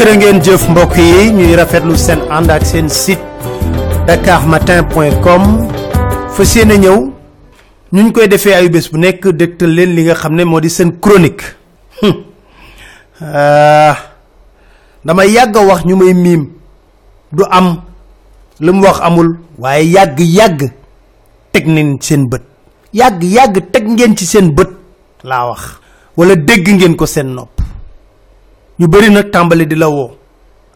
jërë ngeen jëf mbokk yi ñuy rafetlu seen ànd ak seen site dakarmatin.com fa seen a ñëw ñu koy defee ayu bés bu nekk dëgtal leen li nga xam ne moo di seen chronique euh, dama yàgg wax ñu may miim du am lu mu wax amul waaye yàgg yàgg teg nañ seen bët yàgg yàgg teg ngeen ci seen bët laa wax wala dégg ngeen ko seen nopp ñu bari nak tambali di la wo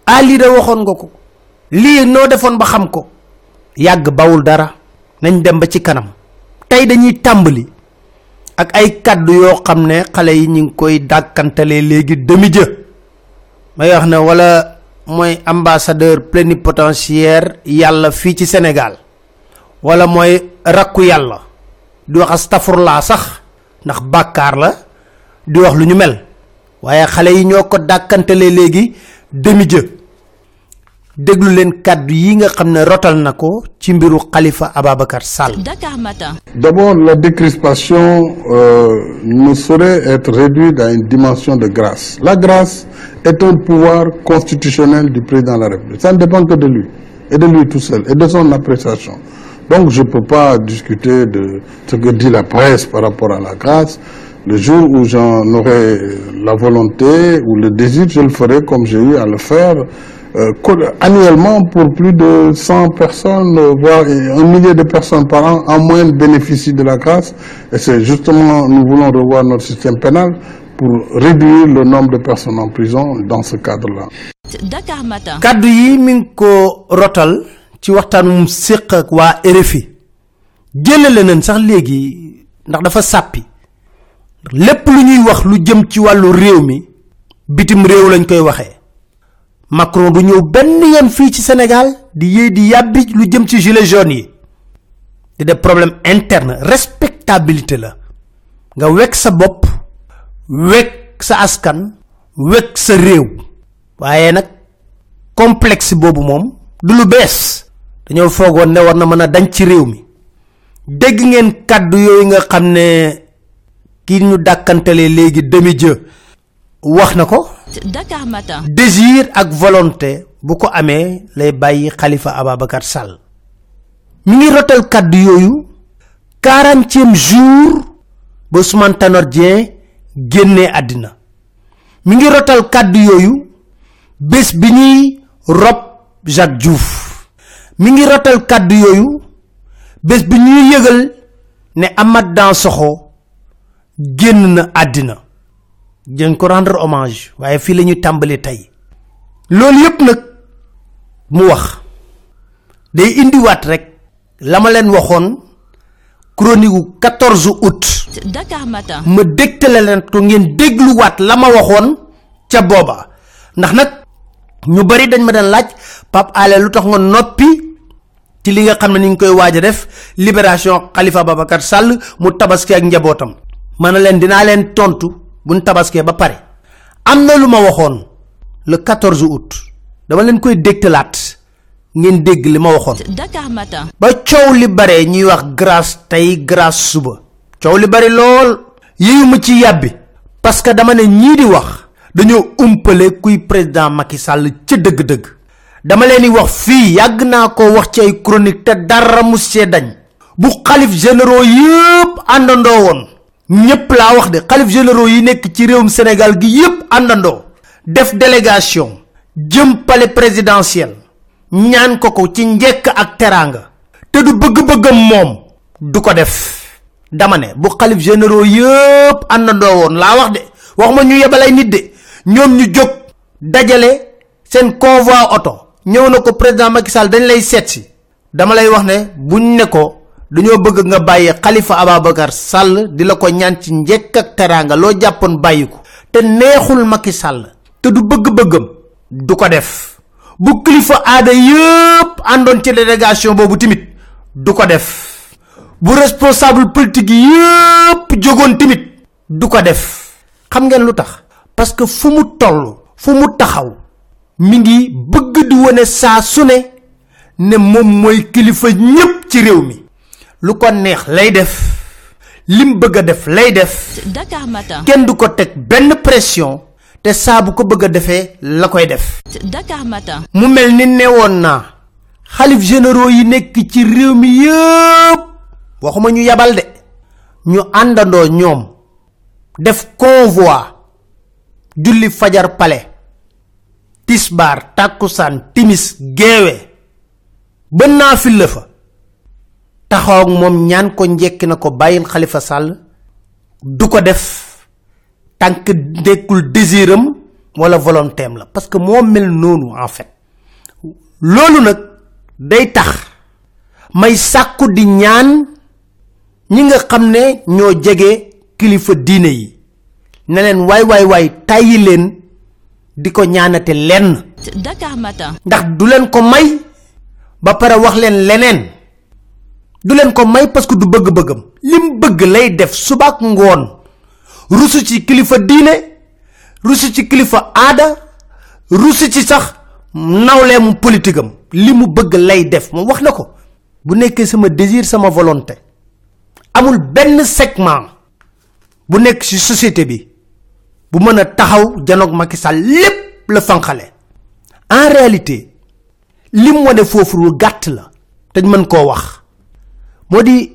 ali da waxon nga ko li no defon ba xam ko yag bawul dara nañ dem ba ci kanam tay dañuy tambali ak ay kaddu yo xamne ne yi ñing koy dakantale legi demi je may wax ne wala moy ambassadeur plénipotentiaire yalla fi ci sénégal wala moy rakku yalla di wax astaghfirullah sax ndax bakar la di wax lu mel Khalifa D'abord, la décrispation euh, ne saurait être réduite à une dimension de grâce. La grâce est un pouvoir constitutionnel du président de la République. Ça ne dépend que de lui, et de lui tout seul, et de son appréciation. Donc je ne peux pas discuter de ce que dit la presse par rapport à la grâce. Le jour où j'en aurai la volonté ou le désir, je le ferai comme j'ai eu à le faire euh, annuellement pour plus de 100 personnes, voire un millier de personnes par an, en moyenne bénéficient de la grâce. Et c'est justement, nous voulons revoir notre système pénal pour réduire le nombre de personnes en prison dans ce cadre-là. Dakar Matin. rotal ci qui ak wa RFI lepp lu ñuy wax lu jëm ci walu réew mi bitim réew lañ koy waxee macron du ñëw benn yoon fii ci sénégal di yéey di yàbbi lu jëm ci gilet jaune yi di def problème interne respectabilité la nga wek sa bopp wek sa askan wek sa réew waaye nag complexe boobu moom du lu bees dañoo foogoon ne war na mën a dañ ci réew mi dégg ngeen kaddu yooyu nga xam ki ñu dàkkantale legi demi je wax nako. dakar matin désir ak volonté bu ko amee lay bàyyi xalifa ababacar sall mi ngi rotal kàddu yooyu quarantième jour ba Ousmane Tanor Dieng génnee àddina mi ngi rotal kàddu yooyu bés bi rob Jacques Diouf mi ngi rotal kàddu yooyu yëgal ne Amad Dansokho génn na àddina jën ko rendre hommage waaye fii la ñu tàmbali tey loolu yépp nag mu wax day indiwaat rek la ma leen waxoon chronique 14 août Dakar matin ma dégtale leen ko ngeen dégluwaat la ma waxoon ca booba ndax nag ñu bari dañ ma dañ laaj pap ale lu tax nga noppi ci li nga xam ne ni ngi koy waaj def libération khalifa babacar sall mu tabaski ak njabootam mana len dina len tontu buñ tabaske ba paré amna luma le 14 août dama len koy dektelat ngeen deg lima waxon dakar matin ba ciow li bare ñi wax grâce tay grâce suba ciow li bare lol yeyuma ci yabbi parce que dama ne ñi di wax dañu umpele kuy président Macky Sall ci deug deug dama leni wax fi yag na ko wax ci ay chronique te dara mu dañ bu khalif généraux yépp andando won ñepp la wax de khalif généraux yi nek ci réewum sénégal gi yépp andando def délégation jëm palais présidentiel ñaan ko ko ci njekk ak teranga te du bëgg bëggam mom du ko def dama ne bu khalif généraux yépp andando won la wax de waxuma ñu yebalay nit de ñom ñu jog sen convoi auto ñew na ko président Macky Sall dañ lay set dama lay wax buñ ne ko dañoo bëgg nga bàyyi khalifa ababakar sal di la ko ñaan ci njekk ak teranga lo jappon bàyyi te neexul maki Sall te du bëgg-bëggam du ko def bu khalifa ada yëpp andon ci délégation bobu timit du ko def bu responsable politique yëpp jogon timit du ko def xam ngeen lutax parce que fu mu toll fu mu taxaw mi ngi bëgg di wone saa su ne ne moom mooy kilifa ci réew mi lu ko neex lay def lim bëgg def lay def Dakar matin kenn du ko teg benn pression te saa bu ko bëgg a defee la koy def Dakar matin mu mel ni newoon naa xalif généraux yi nekk ci réew mi yépp waxuma ñu yabal de ñu àndandoo ñoom def convoi julli fajar pale tisbar takusan timis gewe ba nafil fa taxaw ak mom ñaan ko njekki na ko bayil khalifa sall du ko def tank dekul désiram wala volonté la parce que mo mel nonu en fait lolu nak day tax may sakku di ñaan ñi nga xamne ño jégué kilifa diiné yi ne way way way tayi len diko di len dakar matin ndax du len ko may ba para wax len lenen du len ko may parce que du bëgg bëggam lim bëgg lay def subak ngon rusu ci kilifa diine rusu ci kilifa aada rusu ci sax nawle mu politique bëgg lay def mo wax nako bu nekké sama désir sama volonté amul benn segment bu nekk ci société bi bu mën a taxaw janoog Macky Sall lépp la fanxale en réalité lim wane foofu lu gàtt la te mën koo wax modi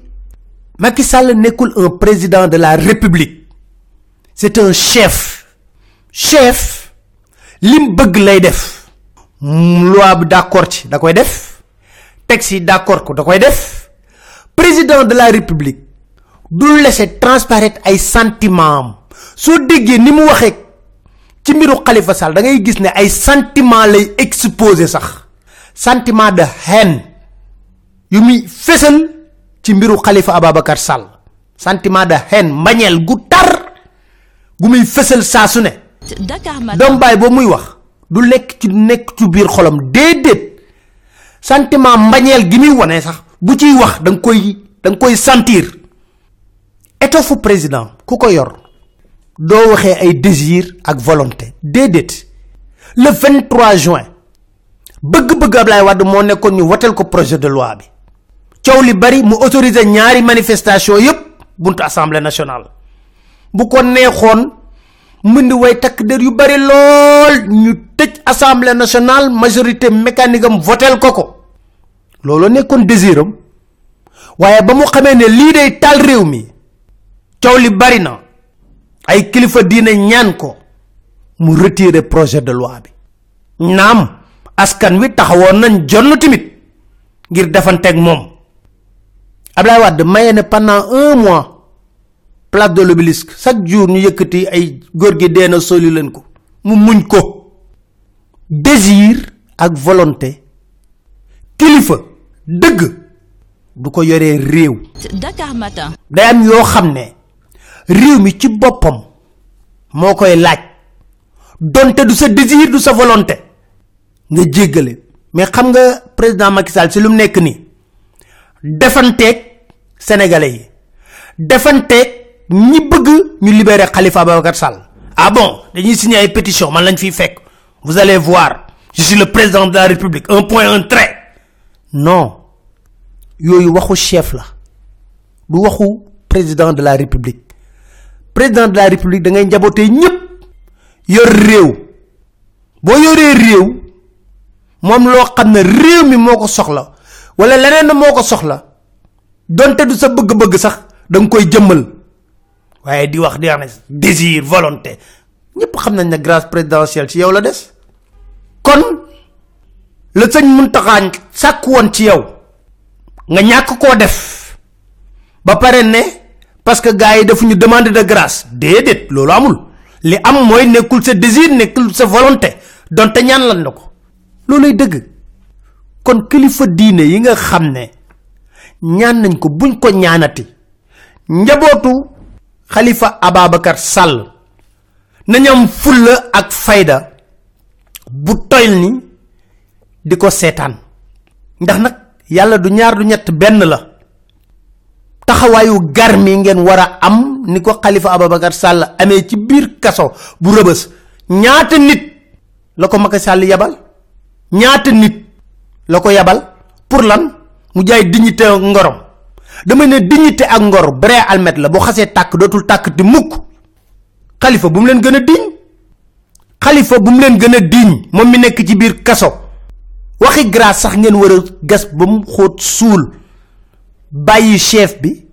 Macky Sall nekul un président de la République c'est un chef chef lim bëgg lay def loi bi d'accord ci da koy def texte d'accord ko da koy def président de la République du laisser transparaître ay sentiments so déggé ni mu waxé ci mbiru Khalifa Sall da ngay gis ay sentiment lay exposer sax sentiment de haine yu muy fessel ci mbiru khalifa ababakar sall sentiment de haine mañel gu tar gu muy fessel sa suné dom bay bo muy wax du lek ci nek ci bir xolam dedet sentiment mbañeel gi muy woné sax bu ci wax dang koy dang koy sentir président ku ko yor do waxé ay désir ak volonté dedet le 23 juin bëgg-bëgg ablay wad mo nekkoon ñu wotel ko projet de loi bi ciow li bari mu autoriser ñaari manifestation yépp buntu assemblée nationale bu ko neexoon mbind way takk der yu bari lool ñu tëj assemblée nationale majorité mécanique am votel ko ko loolu nekkoon désiram waaye ba mu xamee ne lii day taal réew mi ciow li bari na ay kilifa diine ñaan ko mu retirer projet de loi bi naam askan wi taxawoon nañ jonn timit ngir defanteeg moom Abdoulaye mayene pendant un mois place de l'obélisque chaque jour ñu yëkëti ay góor gi dee soli leen ko mu muñ ko désir ak volonté kilifa deug du ko yoré réew Dakar Matin day am yo xamné ne réew mi ci bopam mo koy laaj donté du sa désir du sa volonté nga jéggale mais xam nga président Macky Sall ci lu nekk ni defanteeg sénégalais yi defanteeg ñi bëgg ñu libérer Khalifa Babacar Sall ah bon dañuy signé ay pétition man lañ vous allez voir je suis le président de la république un point un trait non yoyu waxu chef la du waxu président de la république président de la république da ngay njaboté ñëpp yor réew bo yoré réew mom lo xamné réew mi moko soxla wala leneen moko soxla donte du sa bëgg bëgg sax dang koy jëmmal waye di wax di désir volonté ñepp xam na grâce présidentielle ci yow la dess kon le seigne muntaxan sak won ci yow nga ñak ko def ba paré né parce que gaay defu ñu demande de grâce dedet lolu amul li am moy nekul sa désir nekul sa volonté donte ñaan lan lako lolay dëgg kon kilifa diine yi nga xam ne ñaan nañ ko buñ ko ñaanati njabootu xalifa ababakar sàll nañam fulla ak fayda bu toyl ni di ko seetaan ndax nag yàlla du ñaar du ñett benn la taxawaayu garmi ngeen war am ni ko xalifa ababakar sàll amee ci biir kaso bu rëbës ñaata nit la ko maka sàll yabal ñaata nit loko yabal pour lan mu jay dignité ak ngorom dama né dignité ak ngor bré almet la bo xasse tak dotul tak di mukk khalifa bu mu len gëna diñ khalifa bu mu len gëna diñ mom mi nek ci bir kasso waxi grâce sax ngeen wara gas bam xoot Sul bayyi chef bi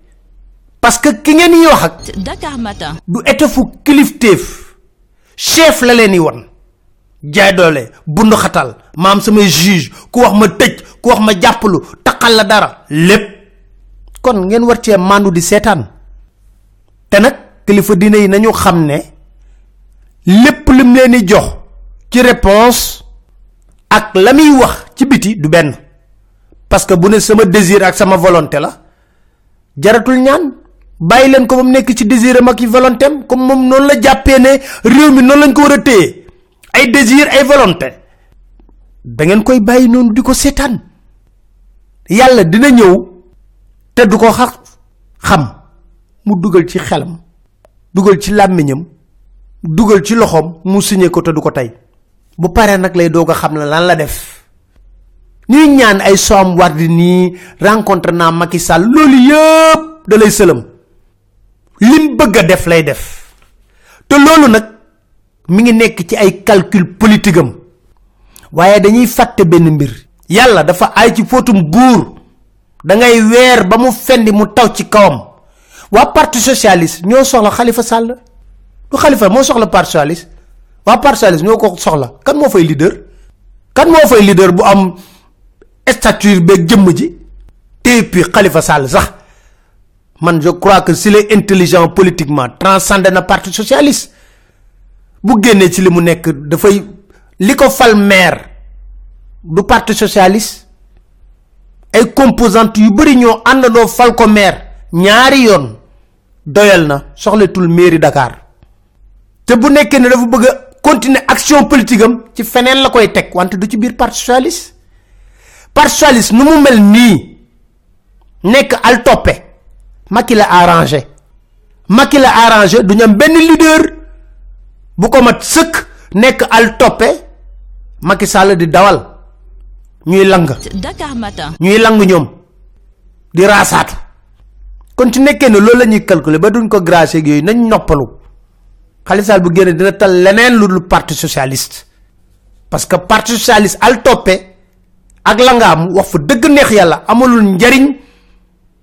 parce que ki ngeen yi wax ak dakar matin du étofu kliftef chef la won jaay doole bund xatal maam samay juge ku wax ma tëj ku wax ma jappalu takal la dara lepp kon ngeen war ci mandu di setan te nak kilifa dine yi nañu xamne ne lim leen jox ci réponse ak la wax ci biti du ben parce que bu ne sama désir ak sama volonté la jaratul ñaan bayi len ko ba nek ci désir ak volonté comme mom non la jappé ne réew mi non lañ ko wara ay désir ay volonté da ngeen koy bàyyi noonu di ko seetaan yàlla dina ñëw te du ko xar xam mu dugal ci xelam dugal ci làmmiñam dugal ci loxom mu signé ko te du ko tey bu paree nag lay doog a xam la lan la def ñuy ñaan ay soom war di nii rencontre naa Macky Sall loolu yépp da lay sëlam lim bëgg a def lay def te loolu nag mi ngi nekk ci ay calcul politique am waaye dañuy fàtte benn mbir yàlla dafa ay ci fotum buur da ngay weer ba mu fendi mu taw ci kawam wa parti socialiste ñoo soxla xalifa sàll du xalifa moo soxla parti socialiste wa parti socialiste ñoo ko soxla kan moo fay leader kan moo fay leader bu am stature beeg jëmm ji et puis xalifa sàll sax man je crois que s'il est intelligent politiquement transcende na parti socialiste bu ci nekk dafay maire du parti socialiste ay composante yu bëri ñoo fal ko maire ñaari yoon doyal mairie Dakar te bu ne continuer action politique am ci feneen la koy parti socialiste parti socialiste nu mel nii al arrangé Je arrangé du ñam leader. bu ko mat seuk nek al topé Macky Sall di dawal ñuy lang Dakar matin ñuy lang ñom di rasat kon ci nekké ne loolu lañuy calculer ba duñ ko grâce ak yoy nañ noppalu Sall bu génn dina tal leneen lu dul parti socialiste parce que parti socialiste al topé ak wax fa deug neex njariñ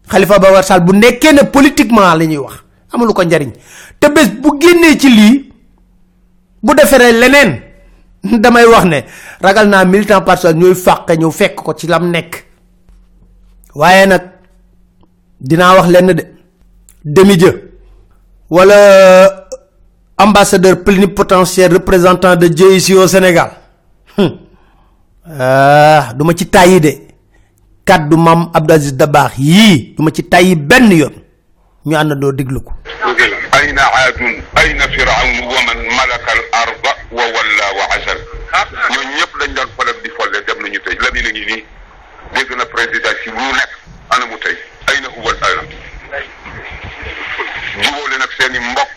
khalifa sall bu nekkee ne politiquement la ñuy wax amul ko njariñ te bés bu génnee ci lii bu defere leneen damay wax ne ragal naa militant personnel ñuy fàqe ñu fekk ko ci lam nekk waaye nag dinaa wax lenn de demi dieu wala euh, ambassadeur plénipotentiaire représentant de Dieu ici au Sénégal ah duma ci tayi de kaddu mam abdou aziz dabax yi duma ci tayi ben yoon ñu and diglu أين عاد أين فرعون ومن ملك الأرض وولى وعسل ñooñ ñëpp dañ doon problème di folle dem nañu tey la dina ngi nii dégg na président si lu nekk ana mu tey ay na huwal alam jubóole nag seeni mbokk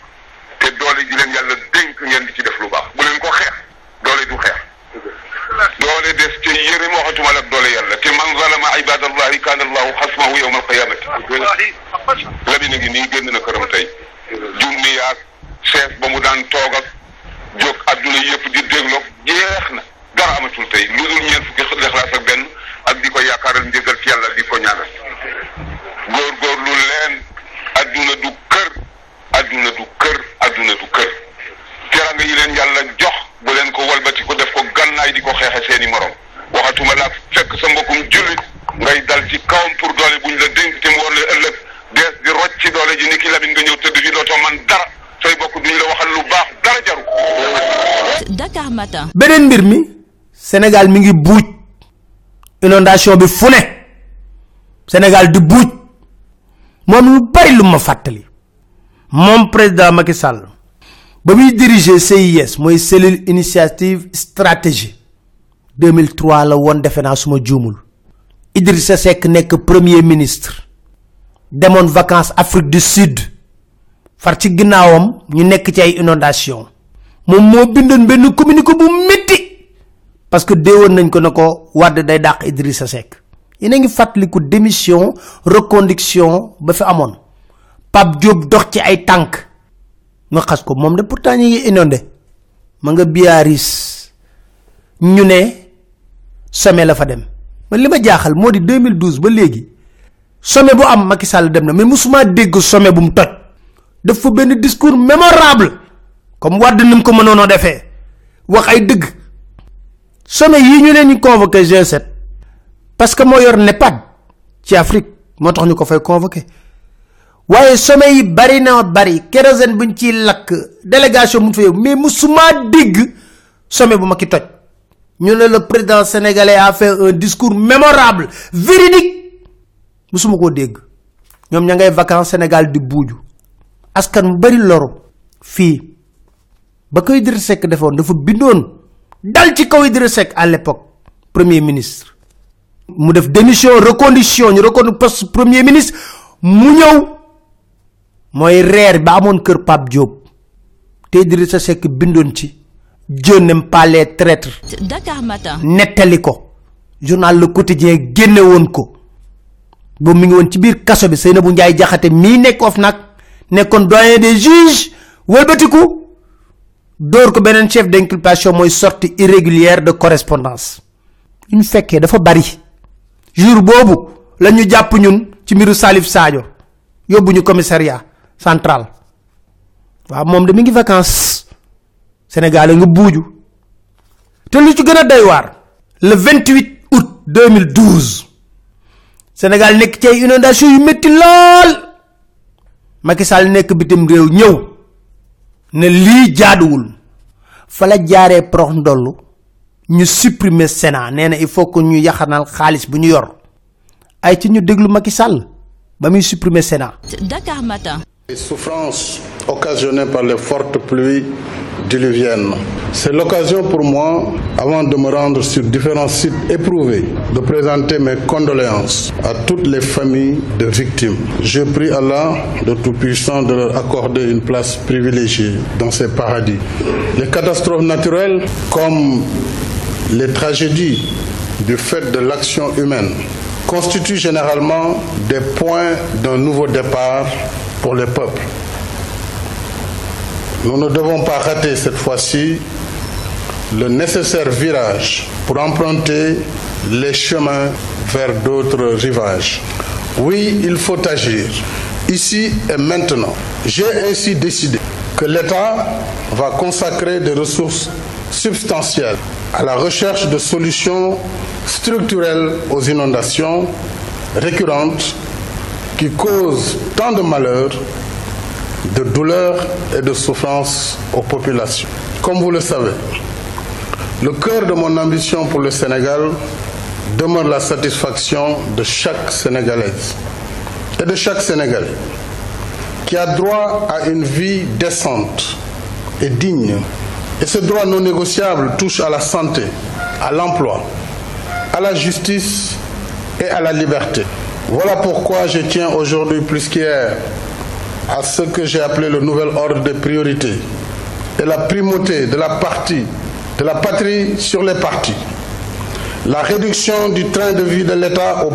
matin. Sénégal mi ngi buuj inondation bi fune Sénégal di buuj mom lu bari lu ma Mon Mon président Macky Sall ba muy diriger CIS moy cellule initiative stratégie 2003 la won defena financement suma djumul Idrissa Seck que premier ministre mon vacances Afrique du Sud far ci ginnaawam ñu nek ci ay inondation mom mo bindon ben communiqué bu metti parce que déwon nañ ko nako wad day dak Idrissa sek ina ngi fatlikou démission reconduction ba fi amone pap job dox ci ay tank nga xass ko mom de pourtant ñi inondé ma nga biaris ñu né sommet la fa dem ma lima jaaxal modi 2012 ba légui sommet bu am Macky Sall dem na mais musuma dégg sommet bu mu toj def fu ben discours mémorable comme wad nim ko mënoon a wax ay deug sommet yi ñu leen convoquer convoqué G7 parce que mo yor NEPAD ci Afrique mo tax ñu fay convoquer waye sommet yi bari na bari kérosène buñ ci lakk délégation mu fa mais musuma deug sommet bu ma toj ñu le président sénégalais a fait un discours mémorable véridique musuma ko deug ñom ña ngay vacances Sénégal di askan bari ba ko Idrissa Seck defoon dafa bindoon dal ci kaw Idrissa Seck à l'époque premier ministre mu def démission recondition ñu recondu poste premier ministre mu ñëw moy reer ba amoon kër Pape Diop te Idrissa Seck bindoon ci Dieu n'aime pas les traîtres Dakar Matin netaliko journal Le Quotidien génne won ko bo mi ngi won ci biir kasso bi Seynabou Ndiaye Diakhaté mi nekk of nak nekkon doyen des juges wëlbatiku door ko benen chef d'inculpation moy sortie irrégulière de correspondance ñu fekke dafa bari jour bobu lañu japp ñun ci miru salif sadio yobbu ñu commissariat central wa mom de mi ngi vacances sénégal nga buju te lu ci gëna day war le 28 août 2012 sénégal nek ci inondation yu metti lol Macky Sall nek bitim rew ñew ne li jaaduwul fa la jaaree prox ndollu ñu supprimer sénat nee na il faut que ñu yaxanal xaalis bu ñu yor ay ci ñu déglu Macky Sall ba muy supprimer sénat Dakar matin les souffrances occasionnées par les fortes pluies c'est l'occasion pour moi, avant de me rendre sur différents sites éprouvés, de présenter mes condoléances à toutes les familles de victimes. Je prie Allah, le Tout-Puissant, de leur accorder une place privilégiée dans ces paradis. Les catastrophes naturelles, comme les tragédies du fait de l'action humaine, constituent généralement des points d'un nouveau départ pour les peuples. Nous ne devons pas rater cette fois-ci le nécessaire virage pour emprunter les chemins vers d'autres rivages. Oui, il faut agir, ici et maintenant. J'ai ainsi décidé que l'État va consacrer des ressources substantielles à la recherche de solutions structurelles aux inondations récurrentes qui causent tant de malheurs de douleur et de souffrance aux populations. Comme vous le savez, le cœur de mon ambition pour le Sénégal demeure la satisfaction de chaque Sénégalaise et de chaque Sénégalais qui a droit à une vie décente et digne. Et ce droit non négociable touche à la santé, à l'emploi, à la justice et à la liberté. Voilà pourquoi je tiens aujourd'hui plus qu'hier à ce que j'ai appelé le nouvel ordre de priorité et la primauté de la partie, de la patrie sur les partis. La réduction du train de vie de l'État au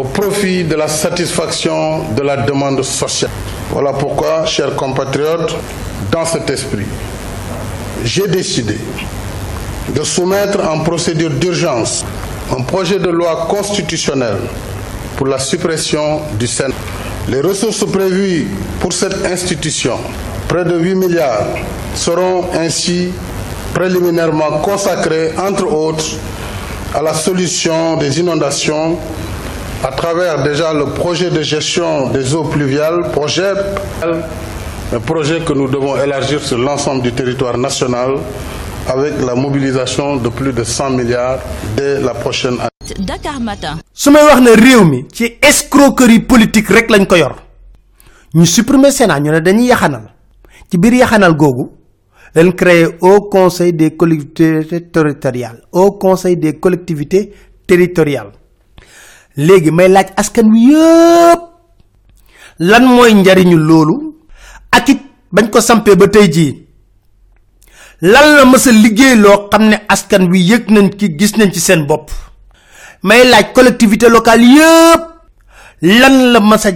au profit de la satisfaction de la demande sociale. Voilà pourquoi, chers compatriotes, dans cet esprit, j'ai décidé de soumettre en procédure d'urgence un projet de loi constitutionnelle pour la suppression du Sénat. Les ressources prévues pour cette institution, près de 8 milliards, seront ainsi préliminairement consacrées, entre autres, à la solution des inondations à travers déjà le projet de gestion des eaux pluviales, projet, un projet que nous devons élargir sur l'ensemble du territoire national avec la mobilisation de plus de 100 milliards dès la prochaine année. 7 Dakar Matin. su may wax ne réew mi ci escroquerie politique rek lañ ko yor ñu supprimer sénat ñu ne dañuy yaxanal ci biir yaxanal googu dañ créé au conseil des collectivités territoriales au conseil des collectivités territoriales léegi may laaj askan wi yépp lan mooy njariñu loolu ak it bañ ko sampé ba tey jii lan la mësa liggéey loo xam ne askan wi yëg nañ ci gis nañ ci seen bopp may laaj collectivité locale yépp lan la massa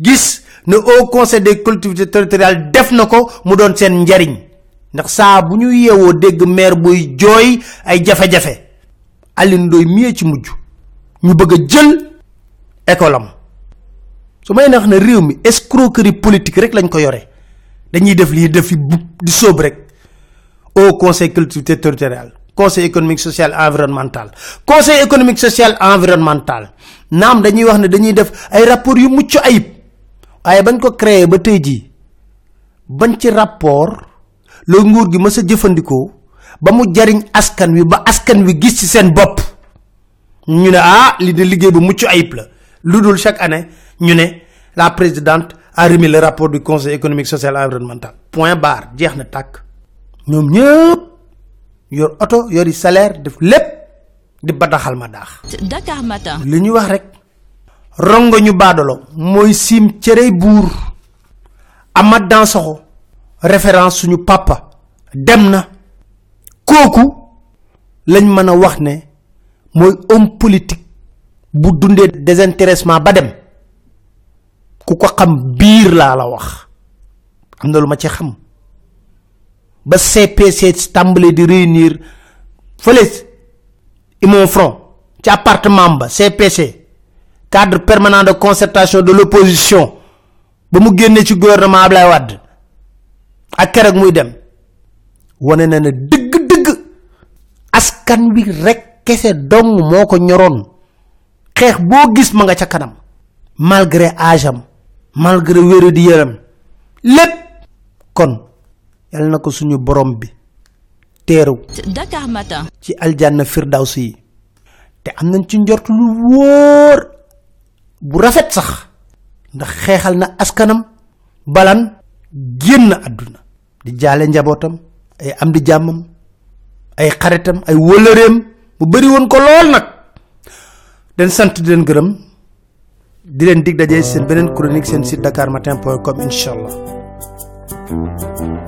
gis ne au conseil des collectivités territoriales def na ko mu doon seen njariñ ndax saa bu ñu yeewoo dégg maire buy jooy ay jafe-jafe alin doy mie ci mujj ñu bëgg a jël école am su may nax ne réew mi escroquerie politique rek lañ ko yore dañuy def lii def fi di soob rek au conseil collectivité territoriale conseil économique social environnemental conseil économique social environnemental nam dañuy wax ne dañuy def ay rapport yu muccu ayib waaye bañ ko créé ba tey ji bañ ci rapport la nguur gi mës a jëfandikoo ba mu jariñ askan wi ba askan wi gis ci seen bopp ñu ne ah li de liggéey bu mucc ayib la ludul chaque année ñu ne la présidente a remis le rapport du conseil économique social environnemental point barre jeex na tak ñom ñepp yor auto yori salaire def lepp di badaxal ma dakh dakar matin li ñu wax rek rongo ñu baadolo moy sim bour amad dan soxo référence suñu papa Demna koku lañ mëna wax ne moy homme politique bu dundé désintéressement ba dem ku xam biir la la wax amna luma ci xam ba CPC tambali di réunir fele imon front ci appartement ba CPC cadre permanent de concertation de l'opposition ba mu génné ci gouvernement Ablaye Wade ak kérok muy dem woné na na deug deug askan wi rek kessé dong moko ñoron xex bo gis ma nga ca kanam malgré âge am malgré wéru di yaram lepp kon yal na ko suñu borom bi teeru dakar matin ci aljanna firdausi yi te am nañ ci njort lu wóor bu rafet sax ndax xeexal na askanam balan génn aduna. di jaale njabootam ay am di jàmmam ay xaritam ay wëlëreem mu bari woon ko lool nag den sant di leen gërëm di leen dig daje seen beneen chronique seen site dakar matin com inshallah